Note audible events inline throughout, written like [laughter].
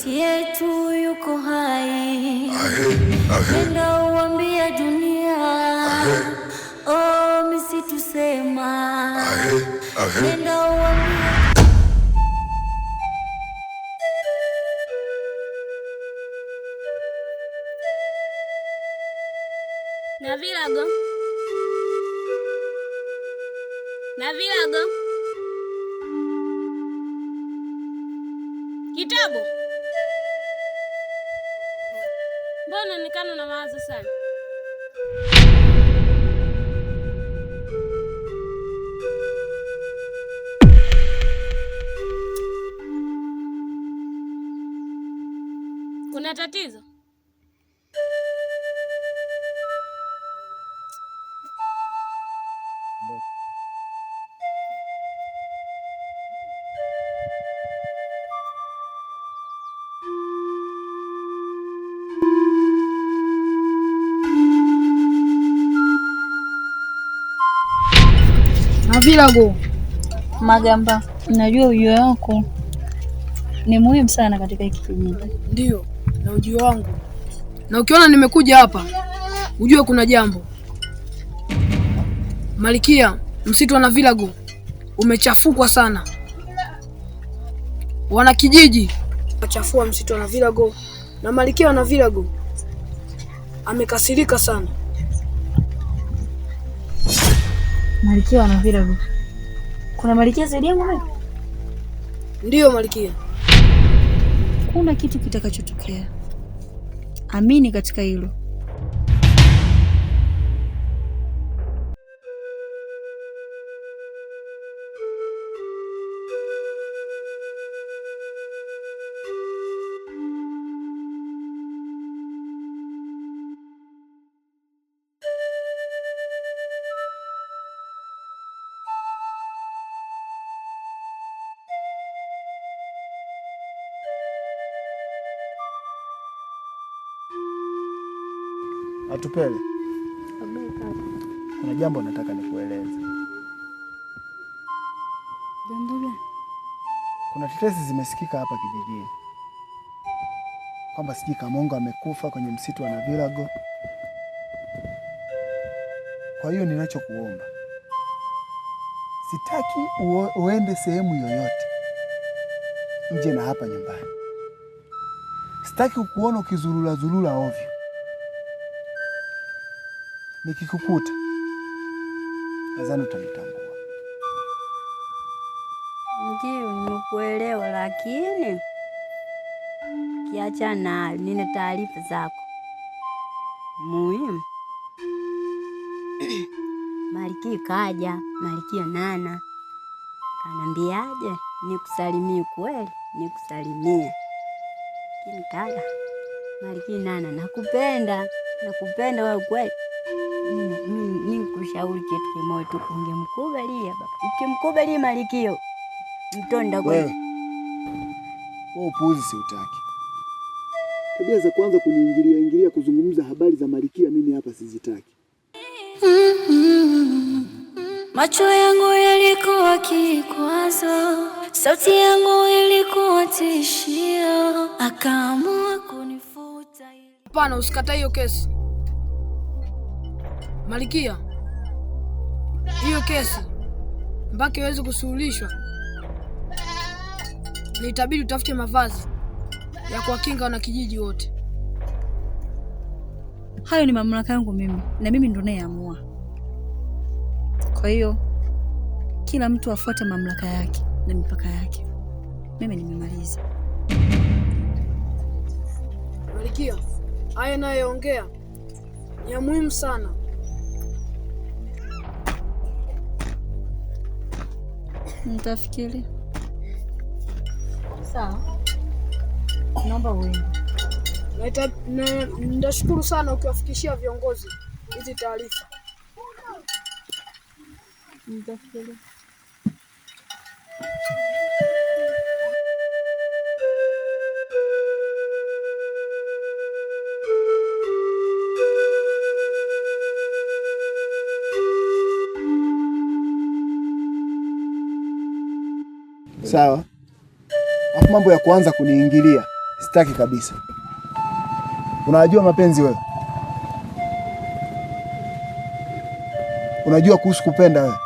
sauti yetu yuko hai, enda uambia dunia, oh misitu sema, uambia na vilago na vilago kitabu Mbona nikana na mawazo sana? Kuna tatizo? Silago Magamba, najua ujio wako ni muhimu sana katika hiki kijiji. Ndio, na ujio wangu, na ukiona nimekuja hapa ujue kuna jambo. Malikia, msitu wa Navilago umechafukwa sana, wanakijiji wachafua msitu wa Navilago, na Malikia wa Navilago amekasirika sana. Malikia na Vera Rufy. Kuna malikia zaidi yangu wewe? Ndiyo malikia. Kuna kitu kitakachotokea. Amini katika hilo. Matupele, kuna jambo nataka nikueleze. Jambo gani? Kuna tetesi zimesikika hapa kijijini kwamba sijui Kamongo amekufa kwenye msitu wa Navilago. Kwa hiyo ninachokuomba, sitaki uende sehemu yoyote nje na hapa nyumbani. Sitaki kukuona ukizurura zurura ovyo nikikukuta nadhani utanitambua. Ndio, nikuelewa, lakini kiacha na nini taarifa zako muhimu. [clears throat] Malkia kaja, Malkia Nana kanambiaje? Nikusalimie kweli, nikusalimie kini kaka. Malkia Nana, nakupenda, nakupenda wewe kweli nikushauri kitu kimoja tu, ungemkubalia baba. Ukimkubalia Malikio mtonda kwa Wewe upuzi si utaki tabia za kwanza kuniingilia ingilia kuzungumza habari za Malikia, mimi hapa sizitaki. mm Macho yangu yalikuwa kikwazo, sauti yangu ilikuwa tishio, akaamua kunifuta. Hapana, usikata hiyo kesi. Malikia, hiyo kesi mpaka iweze kusuluhishwa, ni itabidi utafute mavazi ya kuwakinga wanakijiji wote. Hayo ni mamlaka yangu mimi, na mimi ndo nayeamua. Kwa hiyo kila mtu afuate mamlaka yake na mipaka yake. Mimi nimemaliza. Malikia, haya nayoongea ni ya muhimu sana Nitafikiri. Sawa, naomba uende. Na Nitashukuru sana ukiwafikishia viongozi hizi taarifa. Nitafikiri. sawa. Afu mambo ya kuanza kuniingilia sitaki kabisa. Unajua mapenzi wewe, unajua kuhusu kupenda wewe.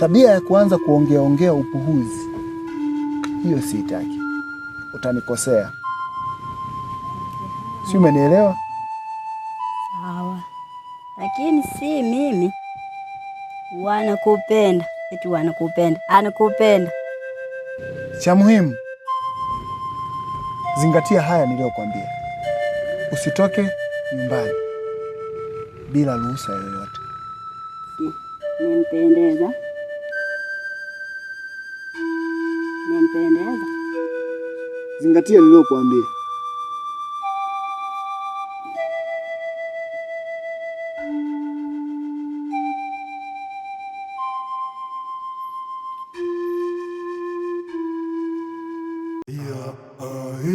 Tabia ya kuanza kuongea ongea upuhuzi, hiyo siitaki, utanikosea. Si umenielewa? Sawa, lakini si mimi wanakupenda eti anakupenda, anakupenda. Ah, Cha muhimu zingatia haya niliyokuambia, usitoke nyumbani bila ruhusa yoyote. Nimpendeza, nimpendeza, zingatia niliyokuambia. Oh, me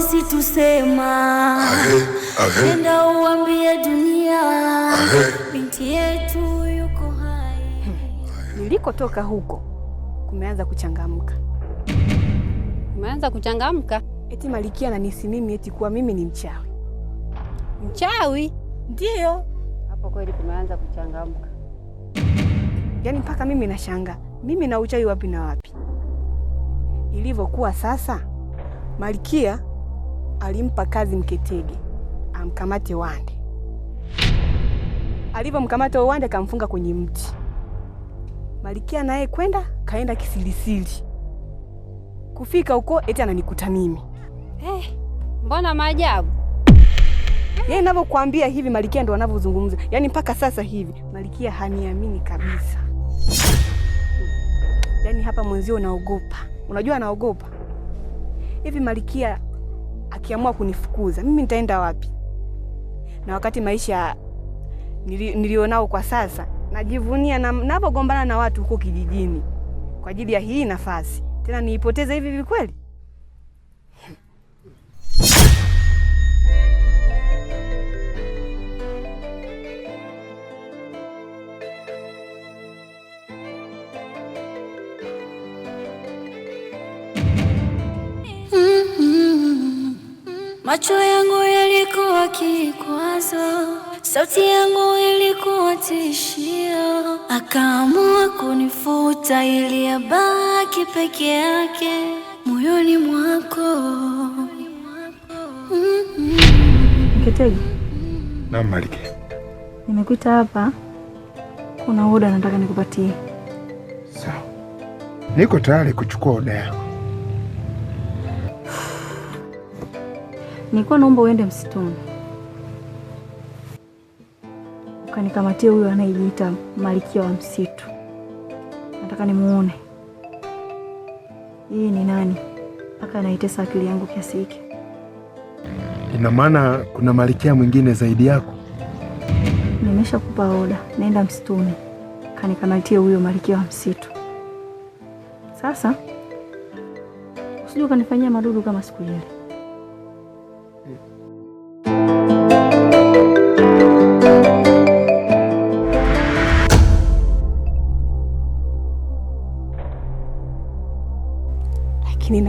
si tusema, nenda uambie dunia binti eh, nilikotoka huko kumeanza kuchangamka, kumeanza kuchangamka. Eti Malikia ananisi mimi eti kuwa mimi ni mchawi. Mchawi? Ndiyo, hapo kweli kumeanza kuchangamka. Yaani mpaka mimi nashanga, mimi na uchawi wapi na wapi? Ilivyokuwa sasa, Malikia alimpa kazi Mketege amkamate Wande. Alivyomkamata Wande akamfunga kwenye mti Malikia naye kwenda kaenda kisirisiri, kufika huko eti ananikuta mimi. Hey, eh, mbona maajabu yeye navyokuambia hivi, Malikia ndo anavyozungumza. Yaani mpaka sasa hivi Malikia haniamini kabisa. Yaani hapa mwenzio naogopa, unajua anaogopa hivi. Malikia akiamua kunifukuza mimi nitaenda wapi? Na wakati maisha nilionao kwa sasa najivunia na ninapogombana na watu huko kijijini kwa ajili ya hii nafasi, tena niipoteze hivi hivi kweli? Mm-hmm. Macho yangu yalikuwa kikwazo Sauti yangu ilikuwa tishio, akaamua kunifuta ili abaki peke yake moyoni mwako. mm na Mketegi. Naam Nimekuita hapa, kuna oda nataka nikupatie. Sawa, niko tayari kuchukua oda yako. Nilikuwa naomba uende msituni nikamatie huyo anayejiita malikia wa Msitu. Nataka nimuone yeye ni nani mpaka anaitesa akili yangu kiasi hiki. Ina maana kuna malikia mwingine zaidi yako? kupa oda, nenda msituni kanikamatie huyo malikia wa Msitu. Sasa usije ukanifanyia madudu kama siku ile.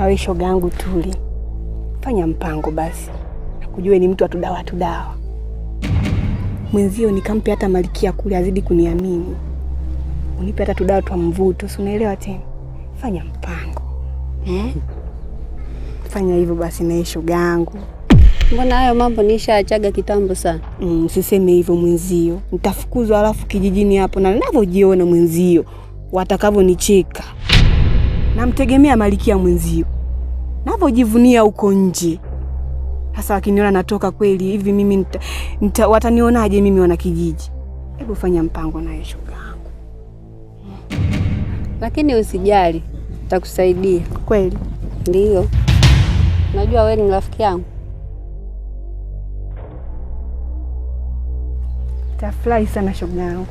wewe shoga yangu Tuli, fanya mpango basi, kujue ni mtu atudawa atudawa mwenzio, nikampe hata malikia kule azidi kuniamini, unipe hata tudawa twa mvuto, si unaelewa tena? Fanya mpango eh? Fanya hivyo basi, naye shoga yangu Mbona hayo mambo nishaachaga kitambo sana. Mm, siseme hivyo mwenzio, nitafukuzwa alafu kijijini hapo, na ninavyojiona mwenzio, watakavyonicheka. Namtegemea malikia mwenzio navyojivunia huko nje. Sasa wakiniona natoka kweli hivi, mimi watanionaje? Mimi wanakijiji, hebu fanya mpango naye, shoga yangu, lakini usijali, takusaidia kweli. ndio najua wewe ni rafiki yangu, tafurahi sana shoga yangu.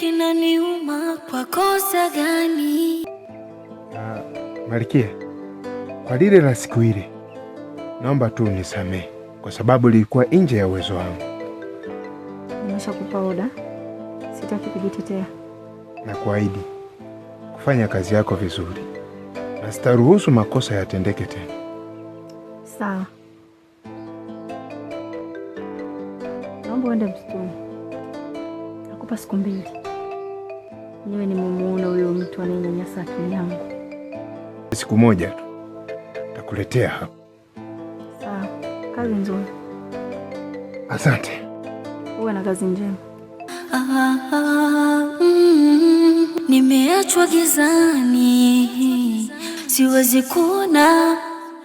kinaniuma kwa kosa gani? Ah, Malkia, kwa lile la siku ile, naomba tu unisamehe kwa sababu lilikuwa nje ya uwezo wangu. kupa oda, sitaki kujitetea na kuahidi kufanya kazi yako vizuri na sitaruhusu makosa yatendeke tena. Sawa, naomba uende msituni, nakupa siku mbili niwe nimemuona huyo mtu anayenyanyasa akili yangu. Siku moja tu takuletea hapo Sawa, kazi nzuri. Asante, uwe na kazi njema. nimeachwa gizani, siwezi kuona,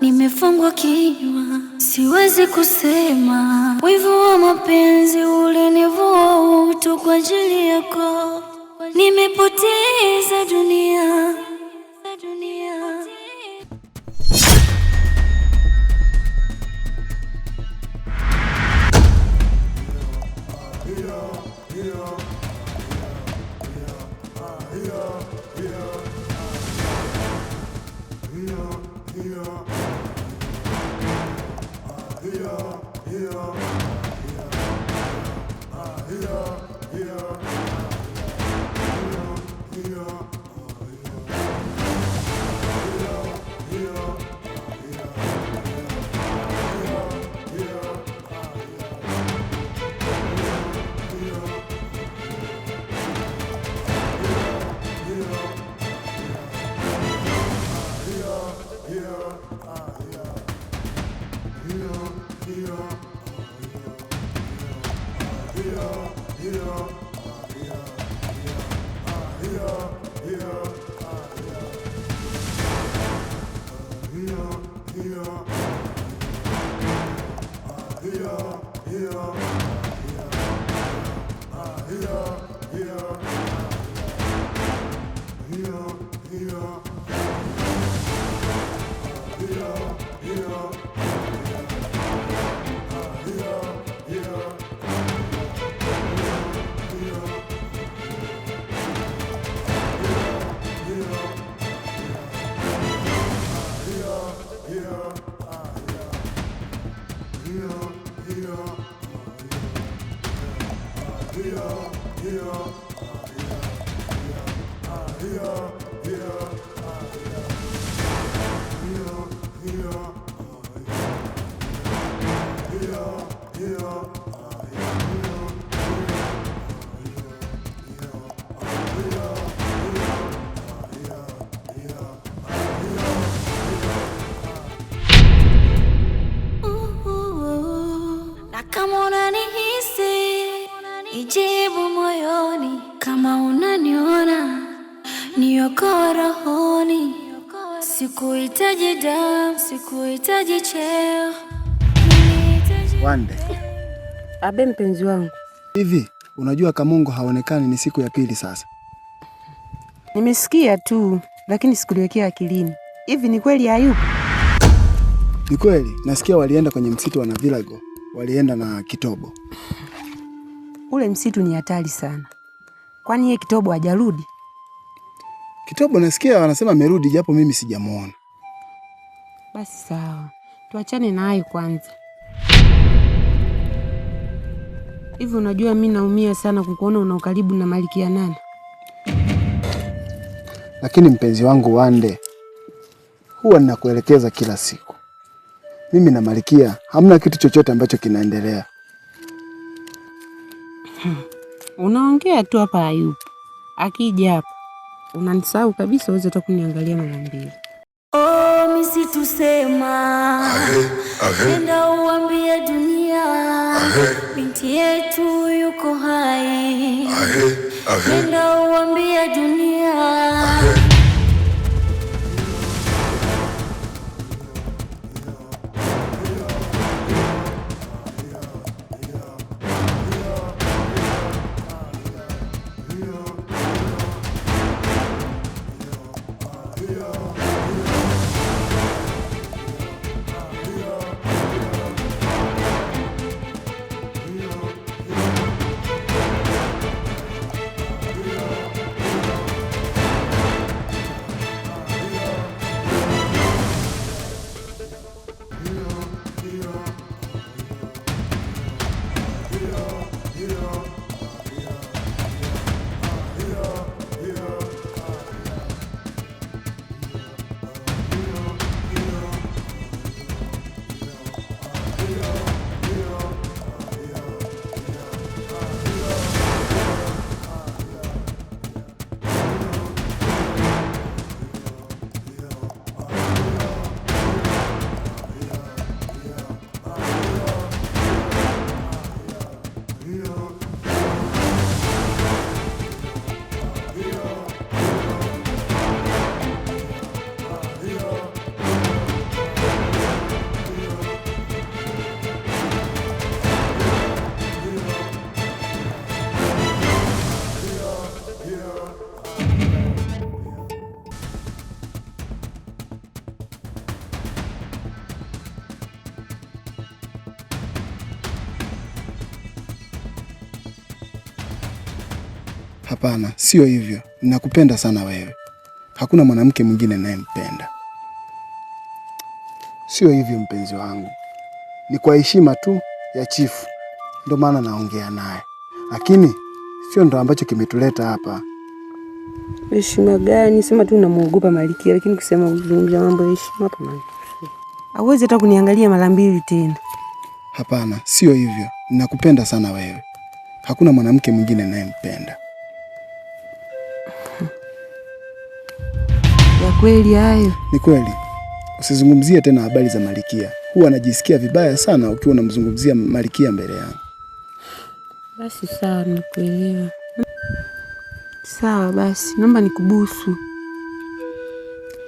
nimefungwa kinywa, siwezi kusema. Wivu wa mapenzi ulinivua utu kwa ajili yako nimepoteza dunia. Yeah. Yeah. Sikuhitaji damu, sikuhitaji cheo. Wande. Abe mpenzi wangu. Hivi, unajua kamongo haonekani ni siku ya pili sasa. Nimesikia tu, lakini sikuliwekea akilini. Hivi ni kweli hayupo? Ni kweli, nasikia walienda kwenye msitu wa Navilago, walienda na Kitobo. Ule msitu ni hatari sana. Kwani yeye Kitobo hajarudi? Kitobo nasikia wanasema amerudi, japo mimi sijamuona. Basi sawa, tuachane naye kwanza. Hivi unajua mi naumia sana kukuona una ukaribu na Malikia Nana. Lakini mpenzi wangu Wande, huwa ninakuelekeza kila siku, mimi na Malikia hamna kitu chochote ambacho kinaendelea. Hmm, unaongea tu hapa, hayupo. Akija hapa unanisahau kabisa, uweze hata kuniangalia mara mbili sisi tusema, enda uambie dunia binti yetu yuko hai, enda uambie dunia Hapana, sio hivyo. Ninakupenda sana wewe, hakuna mwanamke mwingine ninayempenda. Sio hivyo mpenzi wangu, ni kwa heshima tu ya chifu ndio maana naongea naye, lakini sio ndo ambacho kimetuleta hapa. Heshima gani? Sema tu namuogopa malikia, lakini kusema uzungumza mambo ya heshima hapa, hauwezi hata kuniangalia mara mbili tena. Hapana, sio hivyo. Nakupenda sana wewe, hakuna mwanamke mwingine nayempenda kweli hayo? Ni kweli. Usizungumzie tena habari za Malikia, huwa anajisikia vibaya sana ukiwa unamzungumzia Malikia mbele yangu. Basi sawa, nikuelewa. Sawa basi, naomba nikubusu.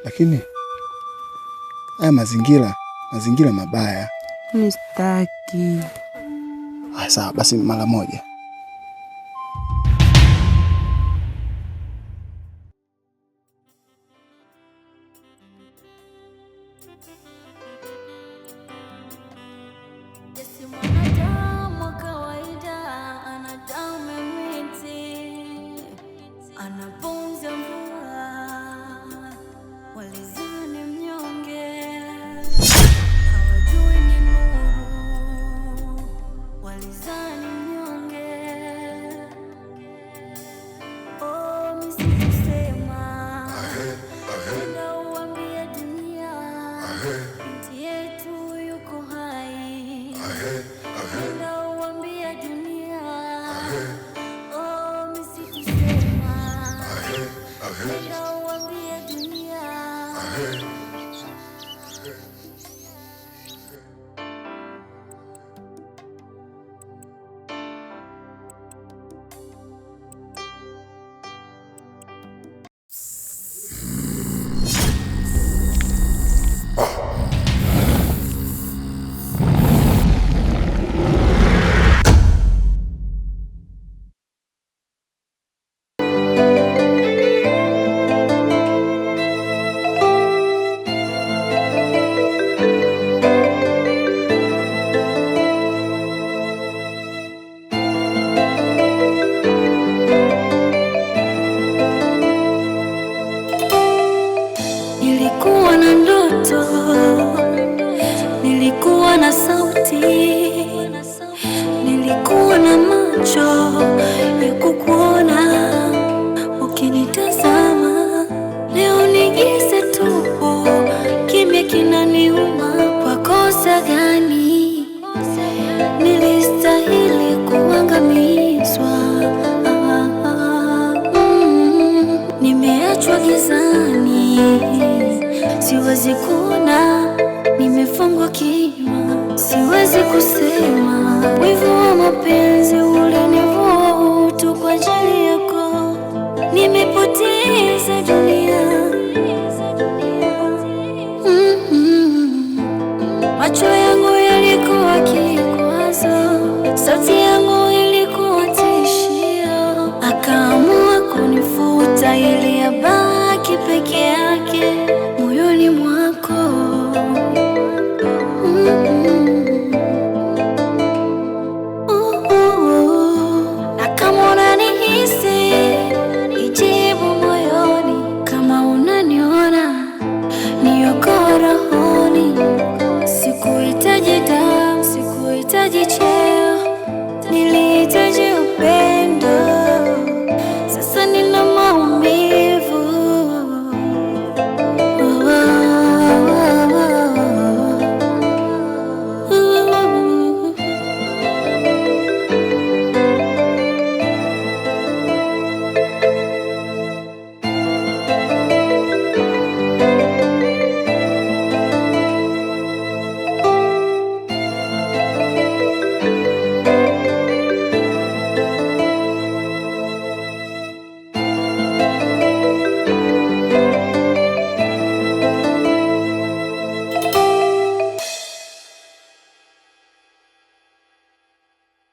Lakini haya mazingira, mazingira mabaya. Mimi Ah, Sawa basi, mara moja Macho yangu yalikuwa kikwazo, sauti yangu ilikuwa tishio, akaamua kunifuta ili abaki peke yake.